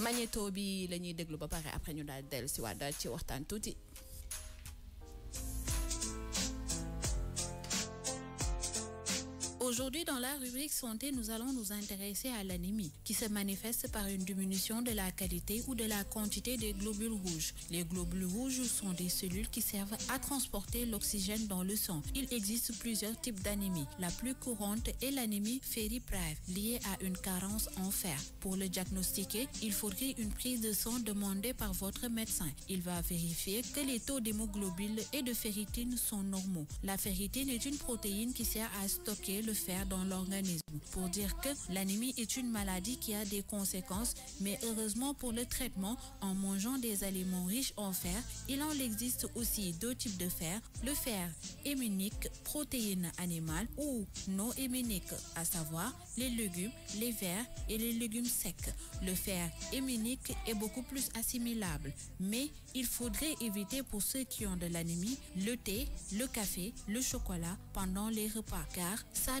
magnéto bi la ñuy déglu ba pare après ñu daal dellu si waat ci waxtaan tuuti. Aujourd'hui, dans la rubrique santé, nous allons nous intéresser à l'anémie, qui se manifeste par une diminution de la qualité ou de la quantité des globules rouges. Les globules rouges sont des cellules qui servent à transporter l'oxygène dans le sang. Il existe plusieurs types d'anémie. La plus courante est l'anémie ferriprive, liée à une carence en fer. Pour le diagnostiquer, il faudrait une prise de sang demandée par votre médecin. Il va vérifier que les taux d'hémoglobine et de ferritine sont normaux. La ferritine est une protéine qui sert à stocker le faire dans l'organisme pour dire que l'anémie est une maladie qui a des conséquences, mais heureusement pour le traitement, en mangeant des aliments riches en fer, il en existe aussi deux types de fer, le fer héminique, protéine animale ou non héminique, à savoir les légumes, les verts et les légumes secs. Le fer héminique est beaucoup plus assimilable, mais il faudrait éviter pour ceux qui ont de l'anémie le thé, le café, le chocolat pendant les repas, car ça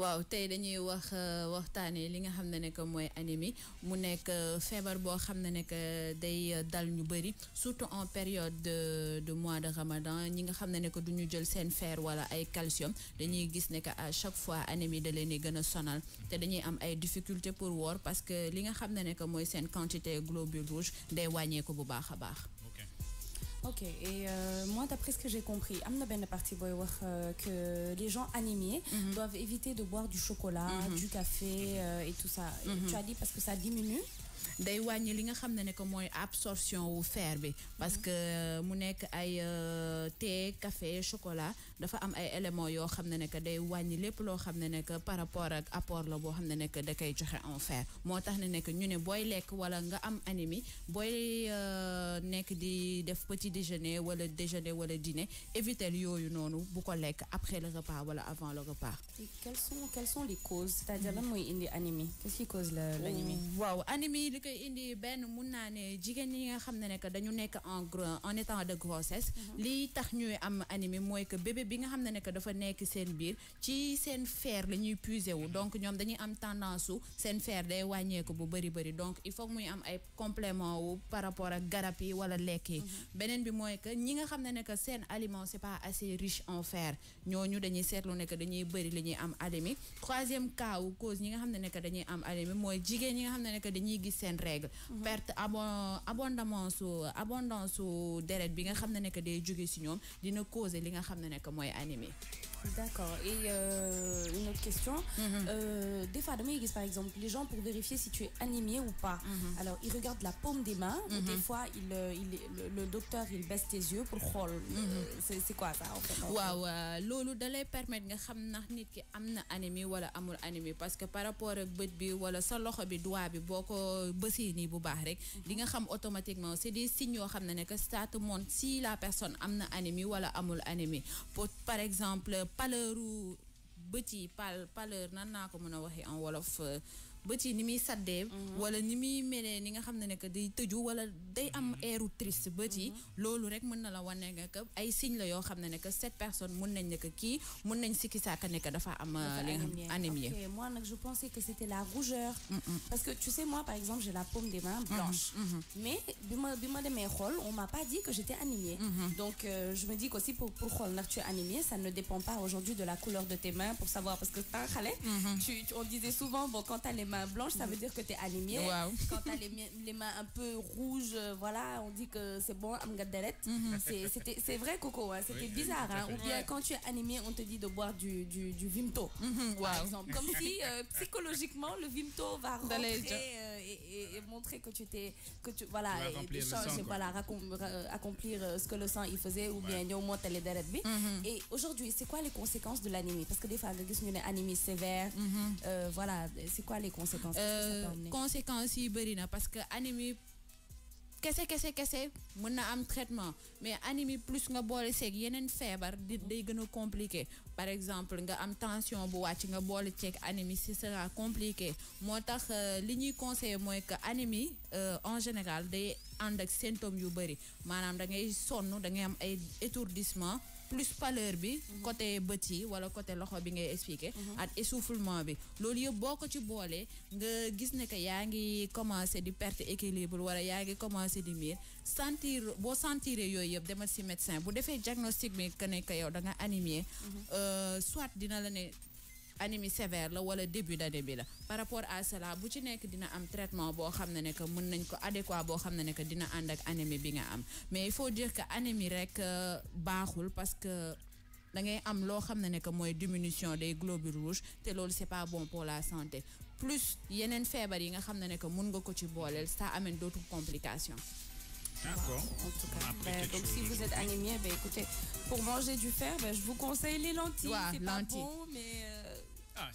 waaw tey dañuy wax euh, waxtaanee li nga xam ne nekk anémie mu surtout en période de mois de ramadan ñi nga xam ne jël fer wala ay calcium dañuy gis que à chaque fois anémie da a sonal te difficulté pour voir, parce que li nga xam ne quantité globule rouge day bu Ok, et euh, moi, d'après ce que j'ai compris, Amna Ben partie boy euh, que les gens animés mhm. doivent éviter de boire du chocolat, mhm. du café euh, et tout ça. Mhm. Tu as dit parce que ça diminue day wagn li nga xam ne absorption wu fer bi parce que mu nekk ay thé café chocolat dafa am ay éléments yoo xam ne nekk day wàññi lépp loo xam ne nekk par rapport ak apport la boo xam ne nekk da koy joxe en fer moo tax ne nekk ñu ne booy lekk wala nga am anémie booy euh, nekk di def petit déjeuner wala déjeuner wala dîner éviter yooyu noonu bu ko lekk après le repas wala avant le repas. quelles sont quelles sont les causes. c'est-à-dire lan mooy indi anémie. qu'est-ce qui cause anémie. Oh, waaw anémie li koy indi benn mun naa ne jigéen ñi nga xam ne nekk dañu nekk en en état de grossesse. Mhm. li tax ñuy am anémie mooy que bébé bi nga xam nek que dafa nek sen bir ci sen fer lañuy ñuy puiser wu mhm. donc ñom dañuy am tendance sen fer day ko bu bari bari donc il faut muy am ay complément wu par rapport ak garab yi wala lekk yi mhm. beneen bi moy que ñi nga xam nek sen que aliment c'est pas assez riche en fer ñooñu dañuy setlu nek dañuy bari lañuy am anémie troisième cas wu cause ñi nga xam nek que dañuy am anémie moy jigéen ñi nga xam nek dañuy gis sen règle mhm. perte abondamment abondance su deret bi nga xam nek que day jóge ci ñom dina causer li nga xam my enemy. D'accord. Et euh, une autre question. Mhm. euh, des fois, par exemple, les gens, pour vérifier si tu es animé ou pas, mhm. alors ils regardent la paume des mains, ou des mhm. fois, il, euh, il, le, docteur, il baisse tes yeux pour voir. Euh, c'est quoi ça, en fait Waouh, lolo da lay permettre nga xam ndax nit ki am ou anémie wala amul anémie parce que par rapport à bët bi wala sa loxo bi doigt bi boko ko ni bu baax rek automatiquement c'est des signaux qui xam ne que montre si la personne amna animée ou wala amul anémie par exemple paleuru bët yi pal paleur nan naa ko mën a waxee en wolof euh, bët ci ni muy saddee mhm. wala ni muy melee ni nga xam ne que day tëju wala day am mhm. airu triste bët ci mhm. loolu rek mën na la wane nga que ay signe la yoo xam ne que cette personne mun nañ ne que kii mun nañ sikki saaka ne dafa am euh, li nga xam anémie ok moi nag je pensais que c'était la rougeur mm, mm. parce que tu sais moi par exemple j'ai la paume des mains mm-hmm, blanche mm-hmm. mais bi ma bi ma demee xool on m'a pas dit que j'étais anémiée mm-hmm. donc euh, je me dis que aussi pour pour xool ndax tu es anémiée ça ne dépend pas aujourd'hui de la couleur de tes mains pour savoir parce que t'es un xale tu on disait souvent bon quand t'as les blanche, ça veut dire que tu es animé. Quand tu as les, mains un peu rouges, euh, voilà, on dit que c'est bon, mhm. C'est vrai, Coco, hein, c'était bizarre. Hein. Ou bien quand tu es animé, on te dit de boire du, Vimto, mhm, par exemple. Comme si euh, psychologiquement, le Vimto va rentrer et, montrer que tu t'es que tu voilà accomplir euh, ce que le sang il faisait ou bien moins mm-hmm. et aujourd'hui c'est quoi les conséquences de l'anémie parce que des fois nga gis ñu sévère mm-hmm. euh, voilà c'est quoi les conséquences euh, conséquences Iberina parce que anémie kese kese kese mën na am traitement mais anémie plus nga boole seeg yeneen feebar di day gën a compliqué par exemple nga am tension bu wàcc nga boole ceeg anémie ce sera compliqué moo tax euh, li ñuy conseillé mooy que anémie euh, en général day ànd ak symptômes yu bëri maanaam da ngay sonn da ngay am ay étourdissement plus pâleur bi. côté bët wala côté loxo bi ngay expliqué. at essoufflement bi loolu yëpp boo ko ci boolee nga gis ne que yaa ngi commencé di perte équilibre wala yaa ngi commencé di mire sentir boo sentiree yooyu yëpp demal si médecin bu defee diagnostic bi que ne que yow da nga animé. soit dina la ne. anémie sévère la wala début d'année bi la par rapport à cela bu ci nekk dina am traitement boo xam ne ne que mën nañ ko adéquat boo xam ne ne que dina ànd ak anémie bi nga am mais il faut dire que anémie rek euh, baaxul parce que da ngay am loo xam ne ne que mooy diminution des globules rouges te loolu c'est pas bon pour la santé plus yeneen feebar yi nga xam ne ne que mun nga ko ci booleel ça amène d'autres complications. D'accord. Ben, donc si vous êtes anémien, ben, écoutez, pour manger du fer, ben, je vous conseille les lentilles. Ouais, c'est pas bon, mais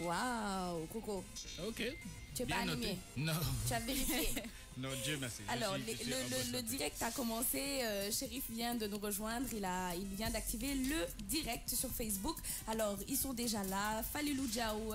Waouh, Coco. Ok. Tu n'es pas animé. Non. Tu as vérifié. non, Dieu merci. Alors, le, direct a commencé. Euh, vient de nous rejoindre. Il, a, il vient d'activer le direct sur Facebook. Alors, ils sont déjà là. Falilou Djaou,